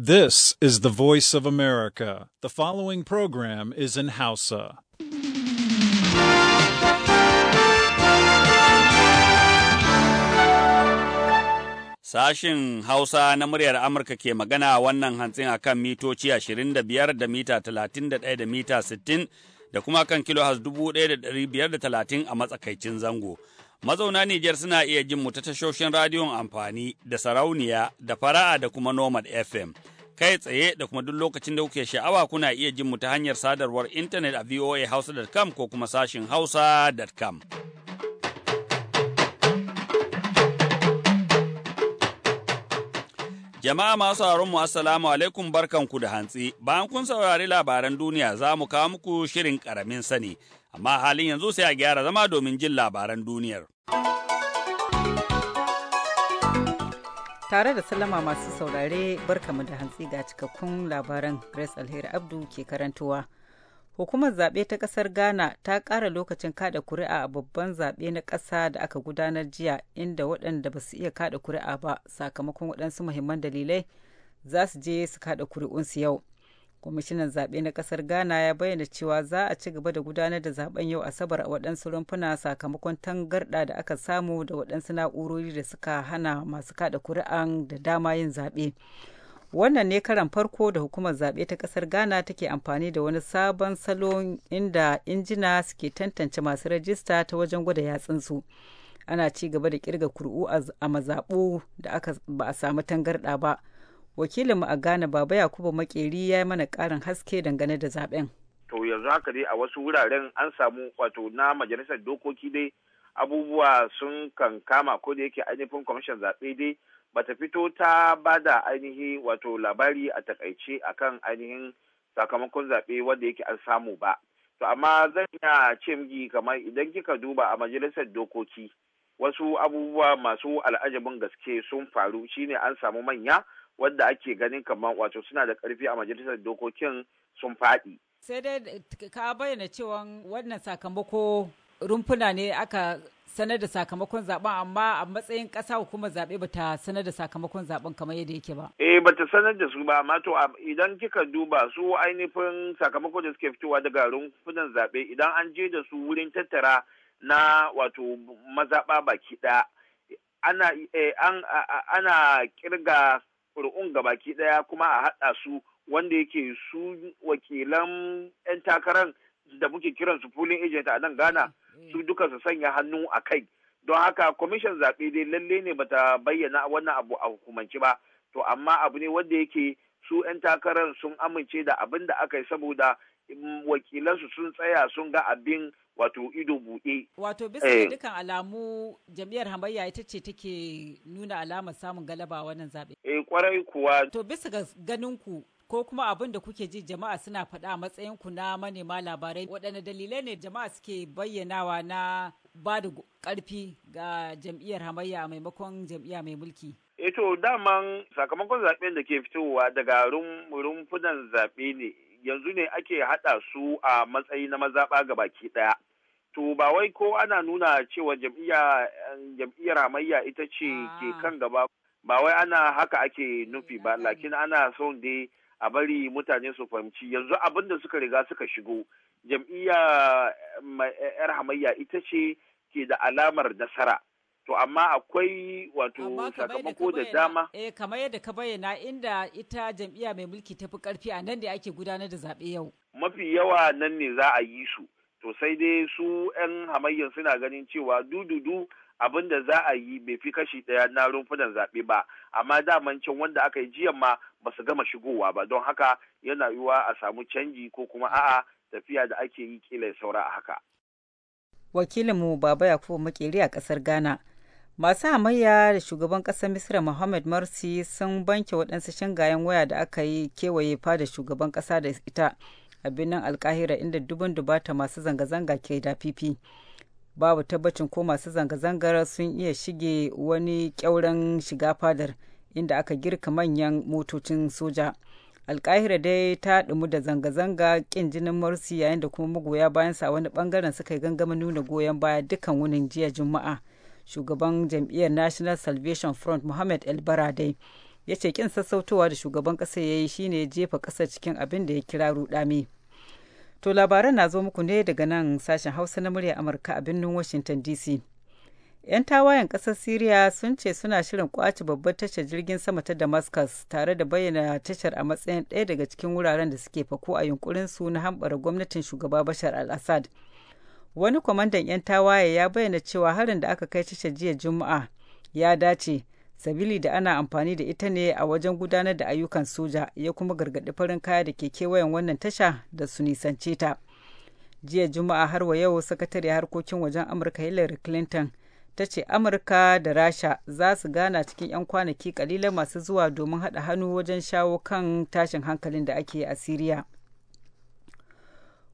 This is the voice of America. The following program is in Hausa. Sashin Hausa na muryar Amurka ke magana wannan hantsin akan mitoci 25 da mita 31 da mita 60 da kuma kan kilo 1530 a matsakaicin zango. Mazauna Nijar suna iya jin mu ta tashoshin radiyon amfani da sarauniya da fara'a da kuma Nomad FM. Kai tsaye da kuma duk lokacin da kuke sha'awa kuna iya jin mu ta hanyar sadarwar intanet a voahausa.com ko kuma sashin hausa.com. Jama'a masu mu assalamu alaikum barkanku da hantsi. Bayan kun saurari labaran duniya za mu kawo muku shirin karamin sani. amma halin yanzu sai a gyara zama domin jin labaran duniyar. Tare da salama masu saurare barkamu da hantsi ga cikakkun labaran Grace Alheri Abdu ke karantowa. Hukumar zaɓe ta ƙasar Ghana ta ƙara lokacin kaɗa kuri'a a babban zaɓe na ƙasa da aka gudanar jiya inda waɗanda ba su iya kaɗa kuri'a ba sakamakon waɗansu muhimman dalilai za su je su kaɗa kuri'unsu yau. kwamishinan zaɓe na ƙasar ghana ya bayyana cewa za a ci gaba da gudanar da zaɓen yau asabar a waɗansu rumfuna sakamakon tangarɗa da aka samu da waɗansu na'urori da suka hana masu kaɗa kuri'an da dama yin zaɓe wannan ne karan farko da hukumar zaɓe ta ƙasar ghana take amfani da wani sabon salon inda injina suke tantance masu rajista ta wajen gwada yatsunsu ana ci gaba da kirga kuri'u a mazaɓu da aka ba a samu tangarɗa ba wakilinmu a Ghana Baba Yakubu Makeri ya yi mana ƙarin haske dangane da zaben. To yanzu haka dai a wasu wuraren an samu wato na majalisar dokoki dai abubuwa sun kan kama ko da yake ainihin kwamishin zaɓe dai bata fito ta bada ainihi wato labari a takaice kan ainihin sakamakon zaɓe wanda yake an samu ba. To amma zan iya ce miki kamar idan kika duba a majalisar dokoki wasu abubuwa masu al'ajabin gaske sun faru shine an samu manya wadda ake ganin kamar wato suna da karfi a majalisar dokokin sun faɗi. sai dai ka bayyana cewa wannan sakamako rumfuna ne aka sanar da sakamakon zaben amma a matsayin ƙasa hukumar zaɓe ba ta sanar da sakamakon zaben kamar yadda yake ba. Eh ba ta sanar da su ba amma to idan kika duba su ainihin sakamakon da suke fitowa daga rumfunan zaɓe idan an je da su wurin tattara na wato mazaɓa baki ɗaya ana eh, ana kirga ga baki ɗaya kuma a haɗa su wanda yake su wakilan 'yan takarar da muke kiran su fulin agent a nan Ghana su mm. duka su sanya hannu a kai. Don haka kwamishin zaɓe dai lalle ne bata bayyana wannan abu a hukumanci ba. To amma abu ne wanda yake su 'yan takarar sun amince da abin da aka yi saboda wakilansu sun tsaya sun ga abin wato ido buɗe. Wato bisa eh. dukkan alamu jam'iyyar hamayya ita ce take nuna alamar samun galaba wannan zaɓe. Eh kwarai kuwa. To bisa ga ganin ku ko kuma abin da kuke ji jama'a suna faɗa matsayin ku na manema labarai waɗanne dalilai ne jama'a suke bayyanawa na ba da ƙarfi ga jam'iyyar hamayya a maimakon jam'iyya mai mulki. Eto eh, daman sakamakon zaɓen da ke fitowa daga rumfunan zaɓe ne yanzu ne ake haɗa su a matsayi na mazaɓa ga baki ɗaya. To ba wai ko ana nuna cewa eh, jam'iyyar hamayya ita ce ke ah. kan gaba ba wai ana haka ake nufi ba lakin ana son dai a bari mutane su fahimci yanzu abin da suka riga suka shigo jam'iyya eh, eh, yar hamayya ita ce ke da alamar nasara to amma akwai wato sakamako da dama eh kamar yadda ka bayyana inda ita jam'iyya mai mulki tafi karfi a nan da ake gudanar da zaɓe yau mafi yawa nan ne za a yi su to sai dai su 'yan hamayyan suna ganin cewa dududu abin da za a yi bai fi kashi ɗaya na rumfunan zaɓe ba amma daman can wanda aka yi jiyan ma ba su gama shigowa ba don haka yana yiwuwa a samu canji ko kuma a'a tafiya da ake yi kila saura a haka wakilinmu baba yakubu makeri a ƙasar ghana masu hamayya da shugaban ƙasar misra mohamed morsi sun banke waɗansu shingayen waya da aka yi kewaye fada shugaban ƙasa da ita a birnin alkahira inda dubin dubata masu zanga-zanga ke da fifi babu tabbacin ko masu zanga-zangar sun iya shige wani ƙyauren shiga fadar inda aka girka manyan motocin soja alkahira dai ta ɗumu da zanga-zanga ƙin jinin morsi yayin da kuma magoya bayansa wani ɓangaren suka yi gangamin nuna goyon baya dukkan wunin jiya juma'a shugaban jam'iyyar national salvation front mohammed el baradei ya ce kin sassautowa da shugaban ƙasa ya yi shine jefa ƙasar cikin abin da ya kira rudami to labaran na zo muku ne daga nan sashen hausa na murya amurka a birnin washington dc 'yan tawayen ƙasar syria sun ce suna shirin kwace babbar tashar jirgin sama ta damascus tare da bayyana tashar a matsayin ɗaya daga cikin wuraren da suke fako a yunkurin su na hambara gwamnatin shugaba bashar al-assad wani kwamandan 'yan tawaye ya bayyana cewa harin da aka kai tashar jiya juma'a ya dace sabili da ana amfani da ita ne a wajen gudanar da ayyukan soja ya kuma gargaɗi farin kaya da ke kewayen wannan tasha da su nisance ta jiya juma'a har wa yau sakatare harkokin wajen amurka hillary clinton ta ce amurka da rasha za su gana cikin 'yan kwanaki kalilan masu zuwa domin haɗa hannu wajen shawo kan tashin hankalin da ake a siriya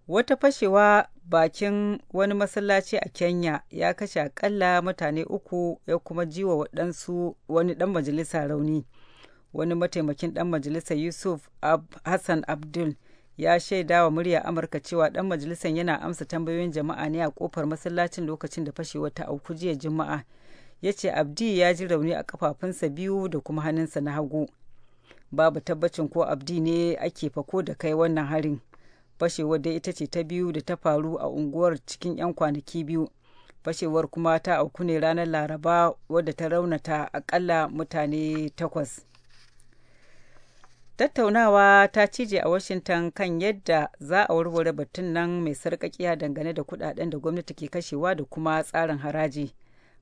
Wata fashewa bakin wani masallaci a Kenya ya kashe akalla mutane uku ya kuma jiwa waɗansu wani ɗan majalisa rauni. Wani mataimakin ɗan majalisa Yusuf Ab Hassan Abdul ya shaida wa murya Amurka cewa ɗan majalisan yana amsa tambayoyin jama'a ne a kofar masallacin lokacin da fashewa ta auku jiya Juma'a. Ya ce Abdi ya ji rauni a kafafunsa biyu da kuma hannunsa na hagu. Babu tabbacin ko Abdi ne ake fako da kai wannan harin. fashewar dai ita ce ta biyu da ta faru a unguwar cikin 'yan kwanaki biyu fashewar kuma ta auku ne ranar laraba wadda ta raunata akalla mutane takwas tattaunawa ta cije a washington kan yadda za a warware batun nan mai sarkakiya dangane da kudaden da gwamnati ke kashewa da kuma tsarin haraji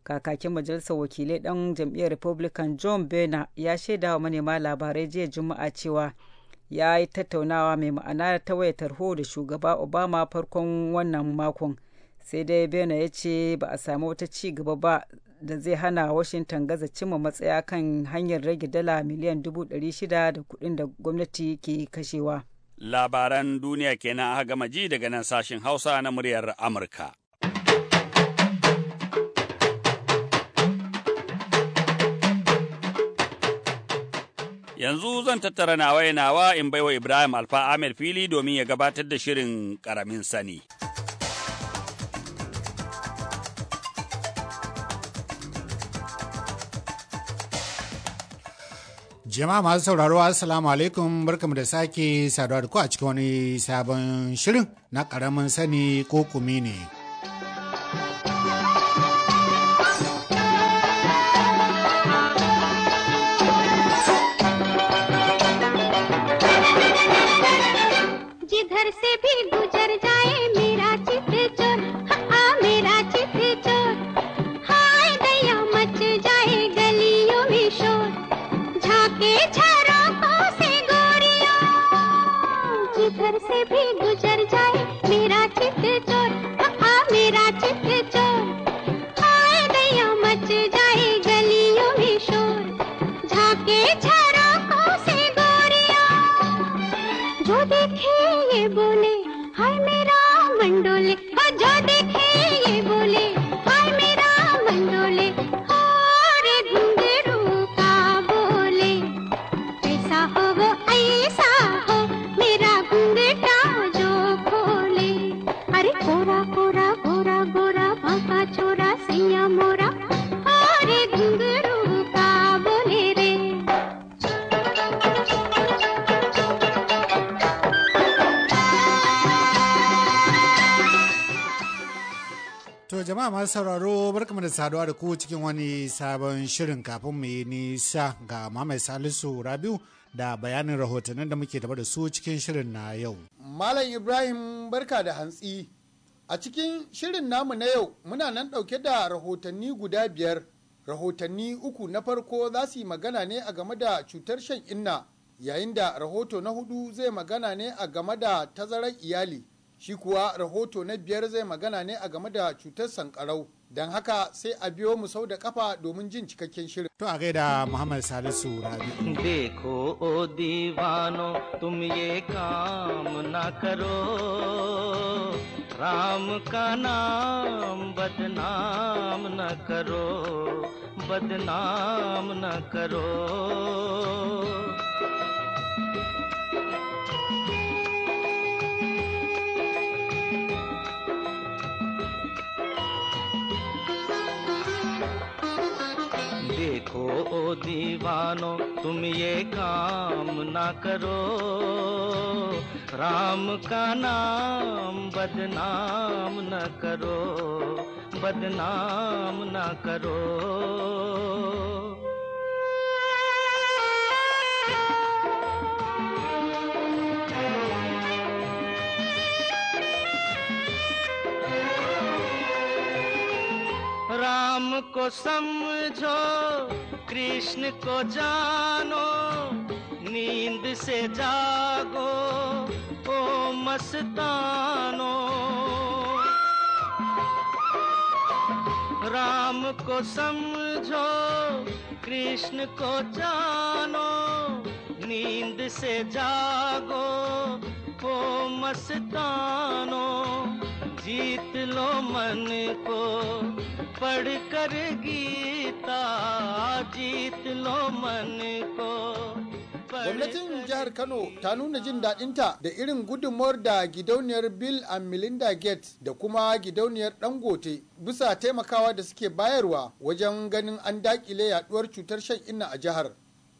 kakakin majalisar wakilai ɗan jam'iyyar republican john boehner ya shaidawa manema labarai jiya juma'a cewa ya yi tattaunawa mai ma'ana ta waya tarho da shugaba obama farkon wannan makon sai dai bena ya ce ba a sami wata ci gaba ba da zai hana washington gaza cimma matsaya kan hanyar rage dala miliyan dubu shida da kudin da gwamnati ke kashewa labaran duniya kenan aka gama ji daga nan sashen hausa na muryar amurka Yanzu zan tattara nawa nawa in baiwa Ibrahim Alfa Ahmed fili domin ya gabatar da shirin ƙaramin sani. Jama'a masu sauraro Assalamu alaikum barkamu da sake saduwa da ku a cikin wani sabon shirin na karamin sani ko kumi ne. masu sauraro barkamu da saduwa da ku cikin wani sabon shirin kafin mu yi nisa ga Mamai Salisu Rabiu da bayanin rahotannin da muke tafa da su cikin shirin na yau. Malam Ibrahim barka da hantsi. A cikin shirin namu na yau muna nan ɗauke da rahotanni guda biyar. Rahotanni uku na farko za su yi magana ne a game da cutar shan inna yayin da rahoto na hudu zai magana ne a game da tazarar iyali. Shi kuwa rahoto na biyar zai magana ne a game da cutar sankarau. Don haka sai a biyo mu sau da kafa domin jin cikakken shirin. To a gaida Muhammad Salisu Rabi. Deko o divano tum ye kam na karo Ram ka naam badnaam na karo badnaam na karo देखो ओ दीवानो तुम ये काम ना करो राम का नाम बदनाम न करो बदनाम न करो को समझो कृष्ण को जानो नींद से जागो ओ मस्तानो राम को समझो कृष्ण को जानो नींद से जागो ओ मस्तानो जीत लो मन को पढ़ कर गीता जीत लो मन को gwamnatin jihar kano ta nuna jin daɗinta da irin gudunmuwar da gidauniyar bill and melinda gates da kuma gidauniyar dangote bisa taimakawa da suke bayarwa wajen ganin an daƙile yaduwar cutar shan inna a jihar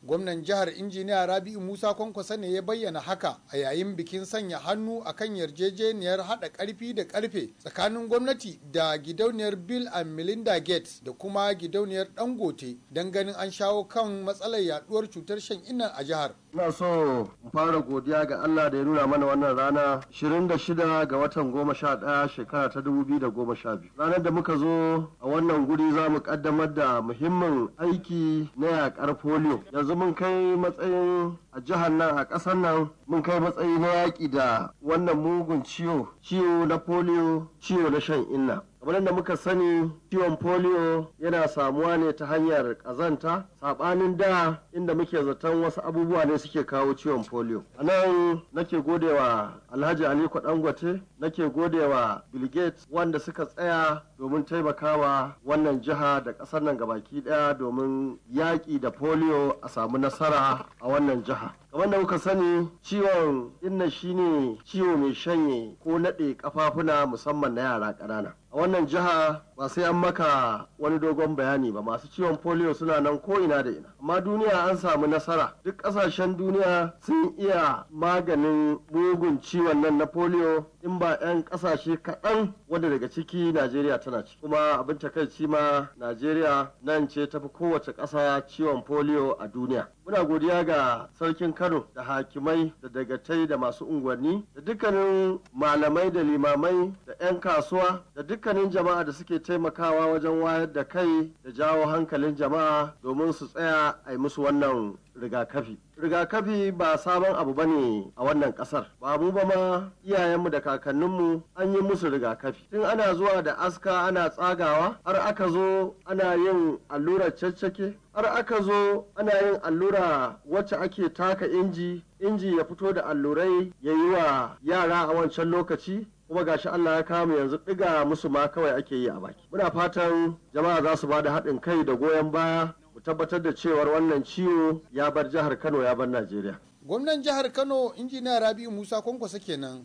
gwamnan jihar injiniya rabi'u musa kwankwasa ne ya bayyana haka a yayin bikin sanya hannu a kan yarjejeniyar haɗa ƙarfi da ƙarfe tsakanin gwamnati da gidauniyar bill and melinda gates da kuma gidauniyar dangote don ganin an shawo kan matsalar yaduwar cutar shan inna a jihar Ina so in fara godiya ga Allah da ya nuna mana wannan rana 26 ga watan 11 shekara ta 2012. Ranar da muka zo a wannan guri za mu kaddamar da muhimmin aiki na yakar polio. Yanzu mun kai matsayin a jihar nan a ƙasar nan mun kai matsayi na yaƙi da wannan mugun ciwo, ciwo na polio, ciwo na shan inna. kamar da muka sani ciwon polio yana samuwa ne ta hanyar ƙazanta saɓanin da inda muke zaton wasu abubuwa ne suke kawo ciwon polio a nan nake godewa alhaji aliko dangote nake godewa bill gates wanda suka tsaya domin taimakawa wannan jiha da ƙasar nan baki ɗaya domin yaƙi da polio a samu nasara a wannan jiha kamar da kuka sani ciwon inna shine ciwo mai shanye ko naɗe ƙafafuna musamman na yara ƙanana a wannan jiha ba sai an maka wani dogon bayani ba masu ciwon polio suna nan ko ina da ina amma duniya an samu nasara duk ƙasashen duniya sun iya maganin bugun ciwon nan na polio in ba 'yan kasashe kaɗan wanda daga ciki Najeriya tana ciki. Kuma abin takaici ma Najeriya nan ce tafi kowace ƙasa ciwon polio a duniya. Muna godiya ga sarkin Kano da hakimai da dagatai da masu unguwanni da dukkanin malamai da limamai da 'yan kasuwa da dukkanin jama'a da suke taimakawa wajen wayar da kai da jawo hankalin jama'a domin su tsaya a yi musu wannan rigakafi. Rigakafi ba sabon abu ba ne a wannan kasar. Ba mu ba ma iyayenmu da kakanninmu an yi musu rigakafi. Tun ana zuwa da aska ana tsagawa, har aka zo ana yin allurar caccake, har aka zo ana yin allura wacce ake taka inji, inji ya fito da allurai ya yi wa yara a wancan lokaci. kuma gashi Allah ya kama yanzu ɗiga musu ma kawai ake yi a baki. Muna fatan jama'a za su ba da haɗin kai da goyon baya tabbatar da cewar wannan ciwo ya bar jihar Kano ya bar Najeriya. Gwamnan jihar Kano injiniya Rabi'u Musa Kwankwasa kenan.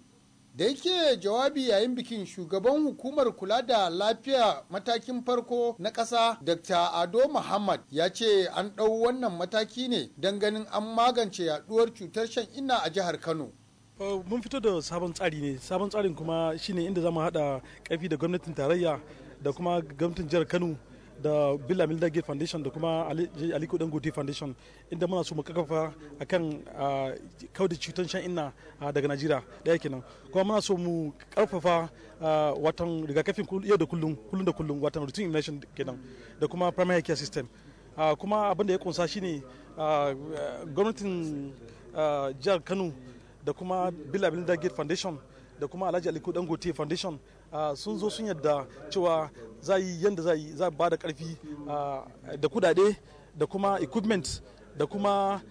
Da yake jawabi yayin bikin shugaban hukumar kula da lafiya matakin farko na ƙasa Dr. Ado Muhammad ya ce an ɗau wannan mataki ne don ganin an magance yaɗuwar cutar shan ina a jihar Kano. Uh, mun fito da sabon tsari ne sabon tsarin kuma shine inda zamu haɗa ƙarfi da gwamnatin tarayya da kuma gwamnatin jihar Kano da Bill Melinda Gates Foundation da kuma Aliko Dangote Foundation inda muna so mu kakafa akan da cutan shan inna daga Najeriya daya kenan kuma muna so mu karfafa watan rigakafin yau da kullum kullum da kullum watan routine immunization kenan da kuma primary care system kuma abin da ya kunsa shine gwamnatin jihar Kano da kuma Bill Melinda Gates Foundation da kuma Alhaji Aliko Dangote Foundation sun zo sun yadda cewa za yi yadda za yi za ba da karfi da kudade da kuma equipment da kuma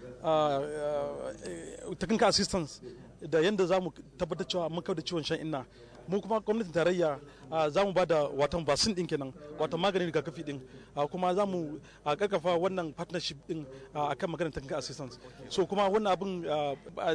technical assistance da yadda za mu tabbatar cewa mun da ciwon shan inna mu kuma gwamnatin tarayya Ah, za mu ba da watan vaccine din kenan watan maganin rigakafi din ah, kuma za mu ah, karkafa wannan partnership din akan maganin technical assistance so kuma wannan abin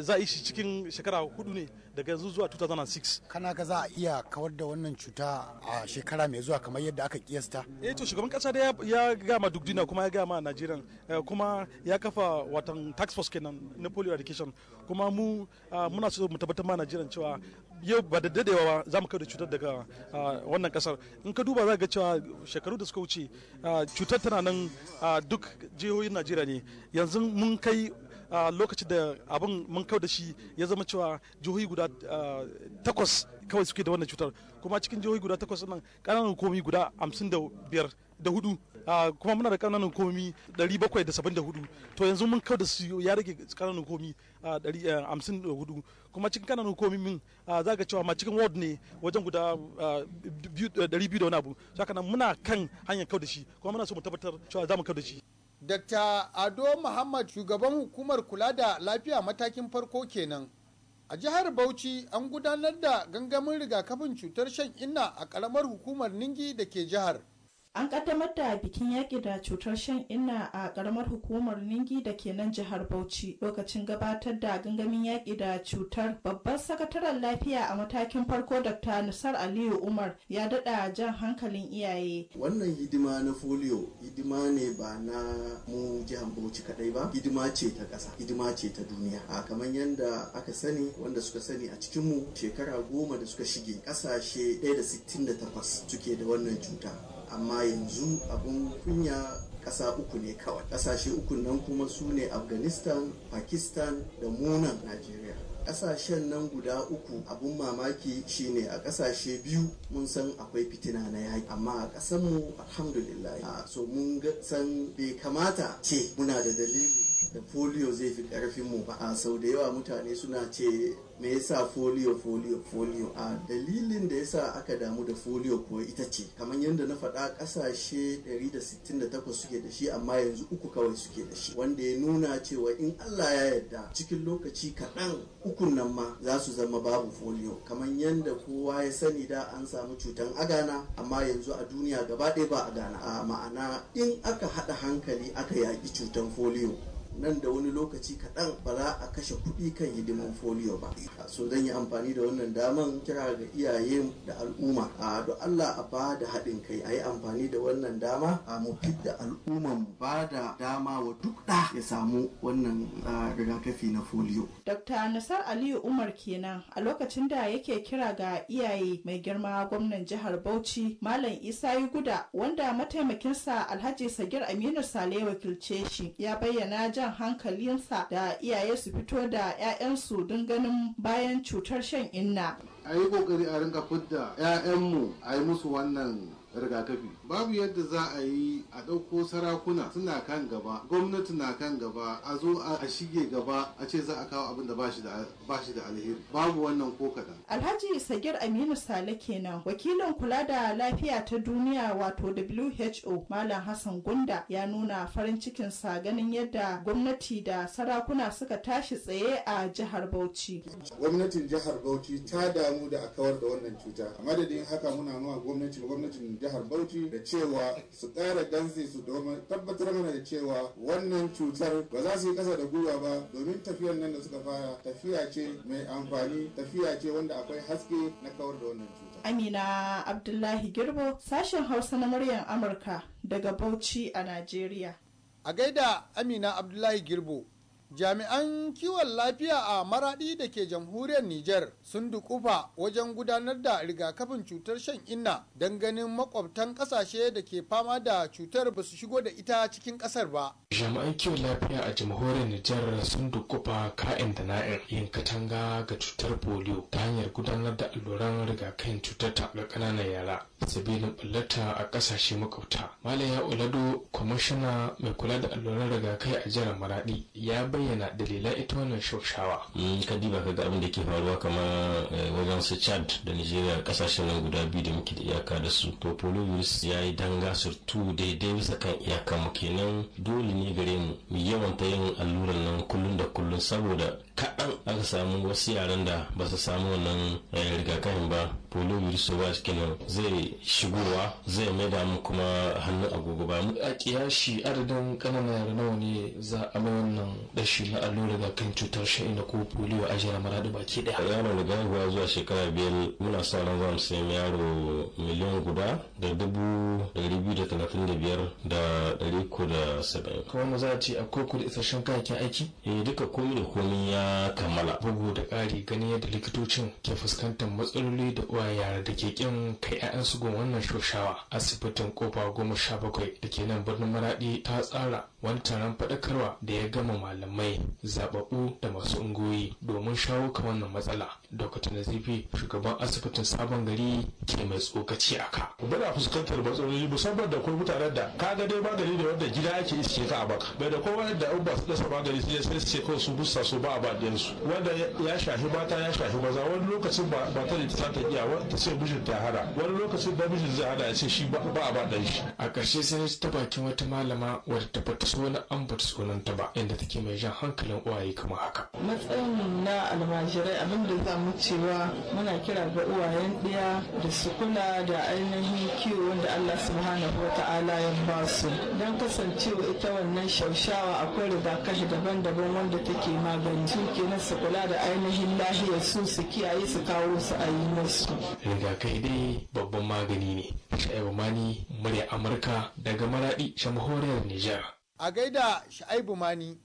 za yi shi cikin shekara hudu ne daga yanzu zuwa 2006 kana ga za a iya kawar da wannan cuta a shekara mai zuwa kamar yadda aka kiyasta eh to shugaban kasa da ya gama duk kuma ya gama Najeriya eh, kuma ya kafa watan tax force kenan na polio eradication kuma mu muna so mu tabbatar ma Najeriya cewa yau ba da dadewa za mu kai da cutar daga wannan kasar in ka duba za ga cewa shekaru da suka wuce cutar tana nan duk jihohin najeriya ne yanzu mun kai lokacin da abin mun kau da shi ya zama cewa jihohi guda takwas kawai suke da wannan cutar kuma cikin jihohi guda takwas nan ƙananan komi guda hamsin da biyar da hudu kuma muna da kananan komi 774 to yanzu mun kau da su ya rage kananan komi 54 kuma cikin kananan komi min za ga cewa ma cikin ward ne wajen guda 200 da wani abu saka nan muna kan hanyar kau da shi kuma muna so mu tabbatar cewa za mu kau da shi Dr. Ado Muhammad shugaban hukumar kula da lafiya matakin farko kenan. A jihar Bauchi an gudanar da gangamin rigakafin cutar shan inna a ƙaramar hukumar Ningi da ke jihar. An kaddamar da bikin yaƙi da cutar shan inna a ƙaramar hukumar Ningi da ke nan jihar Bauchi lokacin gabatar da gangamin yaƙi da cutar. Babban sakataren lafiya a matakin farko Dr. Nusar Aliyu Umar ya daɗa jan hankalin iyaye. Wannan hidima na folio hidima ne ba na mu jihar Bauchi kaɗai ba, hidima ce ta ƙasa, hidima ce ta duniya. A kamar yadda aka sani wanda suka sani a cikin mu shekara goma da suka shige ƙasashe ɗaya da sittin da takwas suke da wannan cuta. amma yanzu abun kunya ƙasa uku ne kawai ƙasashe uku nan kuma su ne afghanistan pakistan da munan najeriya ƙasashen nan guda uku abun mamaki shine a ƙasashe biyu mun san akwai fitina na yaki amma a ƙasanmu alhamdulillah so mun san bai kamata ce muna da dalili da folio zai fi karfin mu ba a sau da yawa mutane suna ce me yasa folio folio folio a dalilin da yasa aka damu da folio ko ita ce kamar yadda na faɗa ƙasashe 168 suke da shi amma yanzu uku kawai suke da shi wanda ya nuna cewa in Allah ya yarda cikin lokaci kaɗan ukun nan ma za su zama babu folio kamar yadda kowa ya sani da an samu cutan agana amma yanzu a duniya gaba ɗaya ba agana a ma'ana in aka haɗa hankali aka yaƙi cutan folio nan da wani lokaci kaɗan ba za a kashe kuɗi kan hidiman folio ba so zan yi amfani da wannan daman kira ga iyaye da al'umma a da Allah a ba da haɗin kai a yi amfani da wannan dama a mu fidda al'umman ba da dama wa duk ɗa ya samu wannan rigakafi na folio. Dr. Nasar Aliyu Umar kenan a lokacin da yake kira ga iyaye mai girma gwamnan jihar Bauchi Malam Isa Guda wanda mataimakinsa Alhaji Sagir Aminu Sale wakilce shi ya bayyana jan hankalinsa da iyaye su fito da 'ya'yansu don ganin bayan cutar shan inna. A yi kokari a rinka fidda 'ya'yanmu a yi musu wannan rigakafi babu yadda za a yi a ɗauko sarakuna suna kan gaba gwamnati na kan gaba a zo a shige gaba a ce za a kawo abin da ba shi da alheri babu wannan ko kaɗan. alhaji sagir aminu sale kenan wakilin kula da lafiya ta duniya wato who malam hassan gunda ya nuna farin cikin sa ganin yadda gwamnati da sarakuna suka tashi tsaye a jihar bauchi. gwamnatin jihar bauchi ta damu da a kawar da wannan cuta a madadin haka muna nuna gwamnatin gwamnatin jihar Bauchi da cewa su tsara ganzi su domin tabbatar mana da cewa wannan cutar ba za su yi kasa da gwiwa ba domin tafiyar nan da suka fara tafiya ce mai amfani tafiya ce wanda akwai haske na kawar da wannan cutar. Amina Abdullahi Girbo sashen Hausa na muryar Amurka daga Bauchi a Najeriya. A gaida Amina Abdullahi Girbo jami'an kiwon lafiya a maradi da ke jamhuriyar Nijar sun dukufa wajen gudanar da rigakafin cutar shan inna don ganin makwabtan kasashe da ke fama da cutar ba su shigo da ita cikin kasar ba. jami'an kiwon lafiya a jamhuriyar Nijar sun dukufa ka'in da na'in yin katanga ga cutar polio ta hanyar gudanar da alluran rigakafin cutar ta ga ƙananan yara sabilin ɓullata a ƙasashe makwabta. Malam ya Olado kwamishina mai kula da alluran rigakai a jihar Maradi ya bayyana dalilan ita wannan shaushawa. Mm, ka diba ka ga abin da ke faruwa kamar eh, wajen su Chad da Nigeria kasashe nan guda biyu da muke da iyaka da su. To poliovirus ya yi danga surtu daidai bisa kan iyaka mu kenan dole ne gare mu mu yawanta yin alluran nan kullum da kullum saboda kaɗan aka samu wasu yaran da ba su samu wannan eh, rigakafin ba virus ba kenan zai shigowa zai maida mu kuma hannu agogo ba a kiyashi adadin ƙananan yara nawa ne za a mai wannan dashi na daga kan cutar inda ko polio a jihar maradi da. ɗaya yaron da gaihuwa zuwa shekara biyar muna sa ran za mu sayi yaro miliyan guda da dubu ɗari biyu da talatin da biyar da ɗari ko da saba'in. kawai mu za a ce akwai kuɗi isasshen kayayyakin aiki. eh duka komi da komi ya a kammala bugu da ƙari ganin yadda likitocin ke fuskantar matsaloli da uwa yara da ke kin kai 'ya'yansu gun wannan shoshawa asibitin kofa goma sha bakwai da ke nan birnin maraɗi ta tsara wani taron faɗakarwa da ya gama malamai zaɓaɓɓu da masu ungoyi domin shawo kan wannan matsala dr nazifi shugaban asibitin sabon gari ke mai tsokaci a ka bana fuskantar matsaloli musamman da kuma mutanen da ka ga dai magani da wanda gida ake iske ka a baka bai da kowa da an ba su dasa magani sai sai su ce kawai su busa su ba a baɗin su wanda ya shafi mata ya shafi maza wani lokacin ba ta da ta ta iya ta ce mijin ta hana wani lokacin da mijin zai hada ya ce shi ba a ba da shi a ƙarshe sai ta bakin wata malama wadda ta bata so na an bata sunan ta ba inda take mai jan hankalin uwaye kamar haka matsayin na almajirai abinda zamu samu cewa muna kira ga uwayen ɗaya da su kula da ainihin kiwo wanda Allah subhanahu wa ta'ala ya ba su don kasancewa ita wannan shaushawa akwai rigakafi daban-daban wanda take magani su kenan su kula da ainihin lahiyar su su kiyaye su kawo su a yi nasu rigakafi dai babban magani ne Sha'ibu Mani murya Amurka daga maraɗi shamahoriyar Nijar a gaida Sha'ibu Mani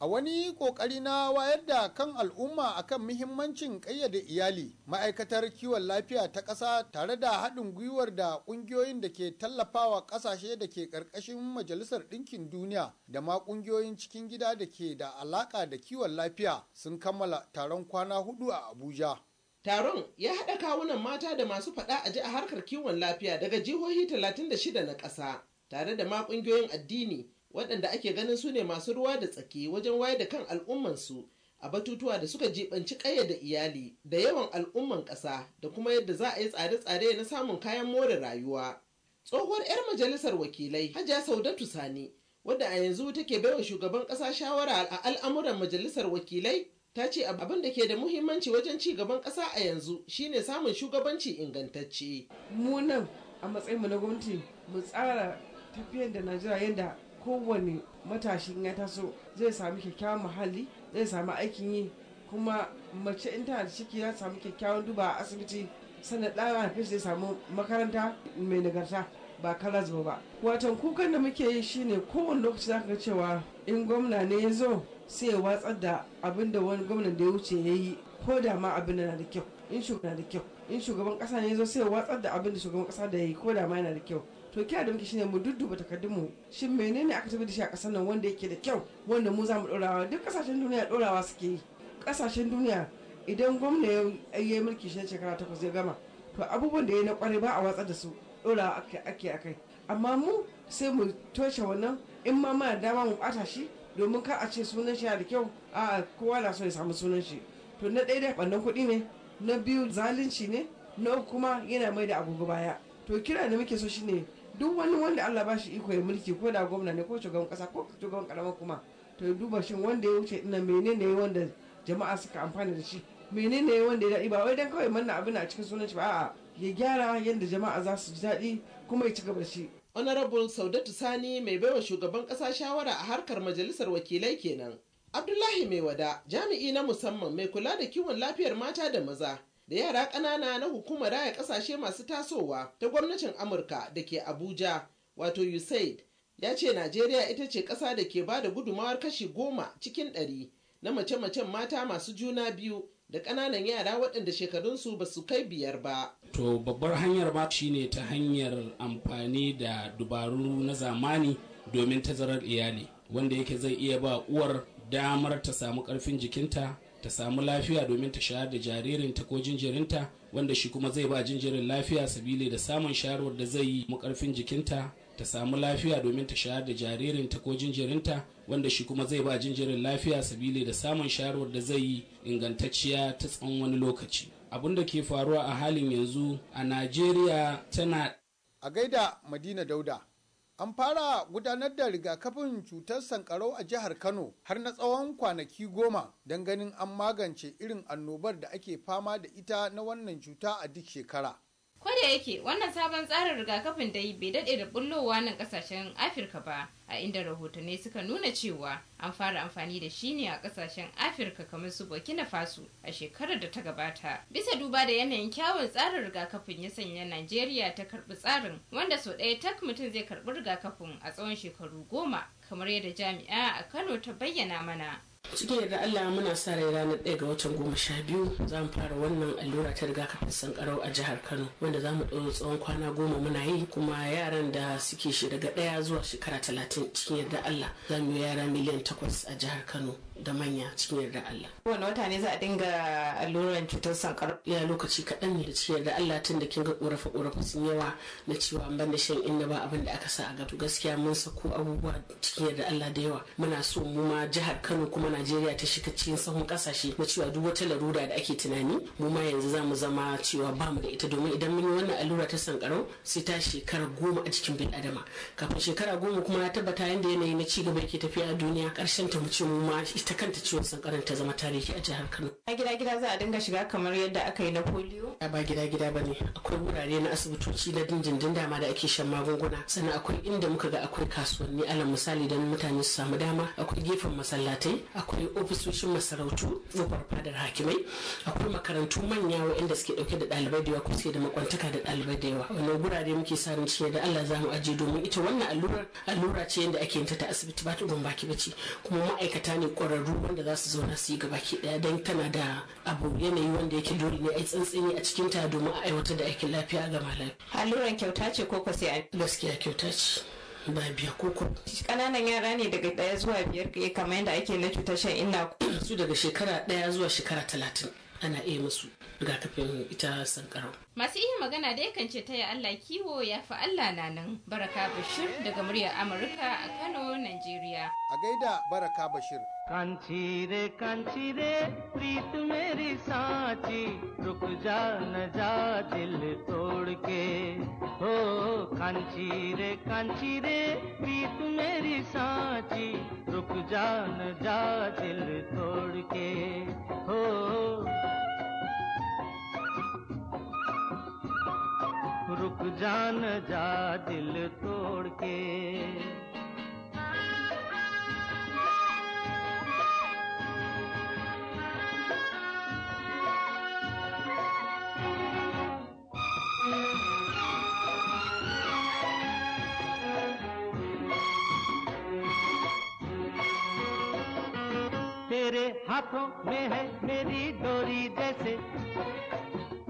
A wani ƙoƙari na wayar da kan al'umma akan muhimmancin ƙayyade iyali, ma'aikatar kiwon lafiya ta ƙasa tare da haɗin gwiwar da ƙungiyoyin da ke tallafawa ƙasashe da ke ƙarƙashin Majalisar Ɗinkin Duniya da ma ƙungiyoyin cikin gida da ke da alaƙa da kiwon lafiya sun kammala taron kwana hudu a Abuja. Taron ya haɗa kawunan mata da masu faɗa a ji a harkar kiwon lafiya daga jihohi 36 na ƙasa, tare da ma ƙungiyoyin addini waɗanda ake ganin su ne masu ruwa da tsaki wajen wayar da kan al'ummansu a batutuwa da suka jibanci da iyali da yawan al'umman ƙasa da kuma yadda za a yi tsare-tsare na samun kayan more rayuwa. Tsohuwar 'yar majalisar wakilai Hajiya Saudatu Sani wadda a yanzu take baiwa shugaban ƙasa shawara a al'amuran majalisar wakilai ta ce abin da ke da muhimmanci wajen ci gaban ƙasa a yanzu shine samun shugabanci ingantacce. Mu nan a matsayinmu na gwamnati mu tsara tafiyar da Najeriya yadda kowane matashin ya taso zai sami kyakkyawan muhalli zai sami aikin yi kuma mace in tana da ciki za ta samu kyakkyawan duba a asibiti sannan ɗan haifin zai samu makaranta mai nagarta ba kalas ba watan kukan da muke yi shine kowane lokaci zaka ga cewa in gwamna ne ya zo sai ya watsar da abin da wani gwamnan da ya wuce ya yi ko da ma abin da na da kyau in shugaban kasa ne ya zo sai ya watsar da abin da shugaban kasa da ya yi ko da ma yana da kyau to kira da muke shine mu dudduba takardun mu shin menene aka tafi da shi a kasar nan wanda yake da kyau wanda mu za mu duk kasashen duniya dorawa suke yi kasashen duniya idan gwamna ya yi mulki shi shekara takwas ya gama to abubuwan da ya na kware ba a watsar da su dorawa ake akai amma mu sai mu toshe wannan in ma mana dama mu bata shi domin ka a ce sunan shi da kyau a kowa na so ya samu sunan shi to na ɗaya da wannan kuɗi ne na biyu zalunci ne na uku kuma yana mai da agogo baya to kira da muke so shine duk wani wanda Allah ba shi iko ya mulki ko da gwamna ne ko shugaban kasa ko shugaban karama kuma to duba shin wanda ya wuce ina menene wanda jama'a suka amfana da shi menene wanda ya daɗi ba wai dan kawai manna abin a cikin sunan shi ba a'a ya gyara yadda jama'a za su ji daɗi kuma ya ci gaba da shi honorable saudatu sani mai baiwa shugaban kasa shawara a harkar majalisar wakilai kenan abdullahi Maiwada jami'i na musamman mai kula da kiwon lafiyar mata da maza da yara ƙanana na hukumar raya ƙasashe masu tasowa ta gwamnatin amurka da ke abuja wato usaid ya ce najeriya ita ce ƙasa da ke ba da gudumawar kashi goma cikin ɗari na mace-macen mata masu juna biyu da ƙananan yara waɗanda shekarunsu ba su kai biyar ba. To babbar hanyar shi shine ta hanyar amfani da dubaru na zamani domin tazarar iyali wanda yake zai iya ba uwar damar ta samu ƙarfin jikinta ta samu lafiya domin ta shayar da jaririnta ko jinjirinta wanda shi kuma zai ba jinjirin lafiya sabili da samun shayarwar da zai yi mu karfin jikinta ta samu lafiya domin ta shayar da jaririnta ko jinjirinta wanda shi kuma zai ba jinjirin lafiya sabili da samun shayarwar da zai yi ingantacciya ta tsawon wani lokaci abun da ke faruwa a halin yanzu a najeriya tana a gaida madina dauda An fara gudanar da rigakafin cutar sankarau a jihar Kano har na tsawon kwanaki goma don ganin an magance irin annobar da ake fama da ita na wannan cuta a duk shekara. Ko da yake wannan sabon tsarin rigakafin dai bai daɗe da bullowa nan ƙasashen Afirka ba, a inda rahotanni suka nuna cewa an fara amfani da shi ne a ƙasashen Afirka kamar su Burkina Faso a shekarar da ta gabata. Bisa duba da yanayin kyawun tsarin rigakafin ya sanya Najeriya ta karɓi tsarin wanda sau ɗaya tak mutum zai karɓi rigakafin a tsawon shekaru goma kamar yadda jami'a a Kano ta bayyana mana. cikin yadda allah muna sa rai ranar ɗaya ga watan goma sha biyu za mu fara wannan allura ta riga rigakafin sankarau a jihar kano wanda za mu ɗau tsawon kwana goma muna yi kuma yaran da suke shi daga ɗaya zuwa shekara talatin cikin yadda allah za mu yi yara miliyan takwas a jihar kano da manya cikin yarda Allah. Wani wata ne za a dinga alluran cutar sankar? Ya lokaci kaɗan ne da cikin yarda Allah tun da kin ga ƙorafa ƙorafa sun yawa na cewa ban da shan inda ba abin da aka sa a gato gaskiya mun sako abubuwa cikin yarda Allah da yawa muna so mu ma jihar Kano kuma Najeriya ta shiga cikin sahun ƙasashe na cewa duk wata larura da ake tunani mu ma yanzu za mu zama cewa ba mu da ita domin idan mun yi wannan allura ta sankarau sai ta shekara goma a cikin bil adama kafin shekara goma kuma ya tabbata yanda yanayi na ci gaba yake tafiya a duniya karshen ta mu ce mu ma ita kanta ciwon sankaran ta zama tarihi a jihar Kano. A gida gida za a dinga shiga kamar yadda aka yi na polio? Ba gida gida ba ne akwai wurare na asibitoci na dindindin dama da ake shan magunguna sannan akwai inda muka ga akwai kasuwanni alal misali don mutane su samu dama akwai gefen masallatai akwai ofisoshin masarautu kofar fadar hakimai akwai makarantu manya waɗanda suke ɗauke da ɗalibai da yawa ko suke da makwantaka da ɗalibai da yawa wannan gurare muke samun cewa da Allah za mu aje domin ita wannan allurar allura ce yadda ake yin ta ta asibiti ba ta baki ba ce kuma ma'aikata ne ƙwararru kwararru wanda za su zauna su yi ki daya don tana da abu yanayi wanda yake dole ne a tsantsini a cikin ta domin a aiwatar da aikin lafiya ga malam. lafiya. kyauta ce ko ko sai gaskiya kyauta ce. ba biya koko. ƙananan yara ne daga ɗaya zuwa biyar ya eh, kamar yadda ake na cutar shan inna. Su daga shekara ɗaya zuwa shekara talatin. ana iya musu rigakafin ita sankarau. Masu iya magana da yakan ce yi Allah kiwo ya fi Allah na nan. Baraka Bashir daga muryar Amurka a Kano, Najeriya. A gaida Baraka Bashir. Kanchi रे कांची रे प्रीत मेरी सांची रुक जा न जा दिल तोड़ के हो कांची रे कांची रे प्रीत मेरी सांची रुक जा न जा दिल तोड़ के हो रुक जान जा दिल तोड़ के तेरे हाथों में है मेरी डोरी जैसे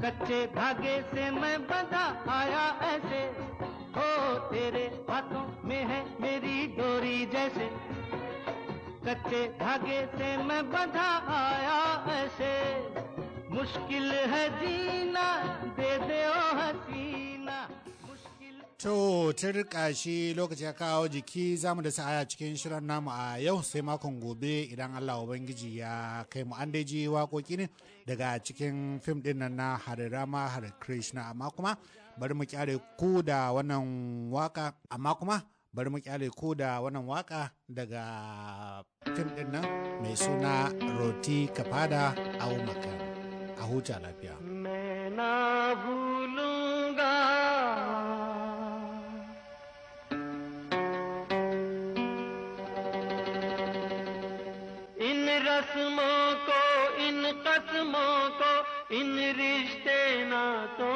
कच्चे धागे से मैं बंधा आया ऐसे हो तेरे हाथों में है मेरी डोरी जैसे कच्चे धागे से मैं बंधा आया ऐसे मुश्किल है जीना दे दे ओ हसी To, ta rika shi lokaci ya kawo jiki za mu da sa'aya cikin shirin namu a yau sai makon gobe idan Allah Ubangiji ya kai mu an daji waƙoƙi ne daga cikin fim ɗin nan na Hare Rama Hare Krishna amma kuma bari mu kyale ku da wannan waka amma kuma bari mu kyale ku da wannan waka daga fim ɗin nan mai suna Roti Kapada a huta lafiya. कसमों को इन कसमों को इन रिश्ते नातों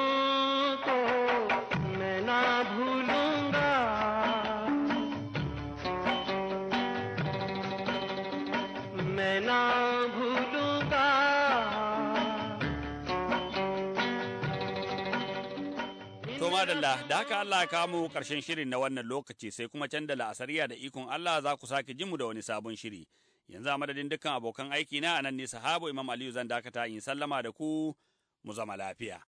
को मैं ना भूलूंगा मैं ना da haka Allah ya kamo ƙarshen shirin na wannan lokaci sai kuma can da la'asariya da ikon Allah za ku sake mu da wani sabon shiri. yanzu a madadin dukkan abokan aiki na anan ne sahabo Imam Aliyu zan dakata in sallama da ku mu zama lafiya.